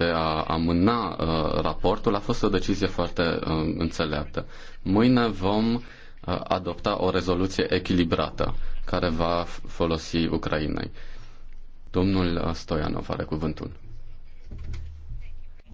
de a amâna uh, raportul a fost o decizie foarte um, înțeleaptă. Mâine vom uh, adopta o rezoluție echilibrată care va folosi Ucrainei. Domnul uh, Stoianov are cuvântul.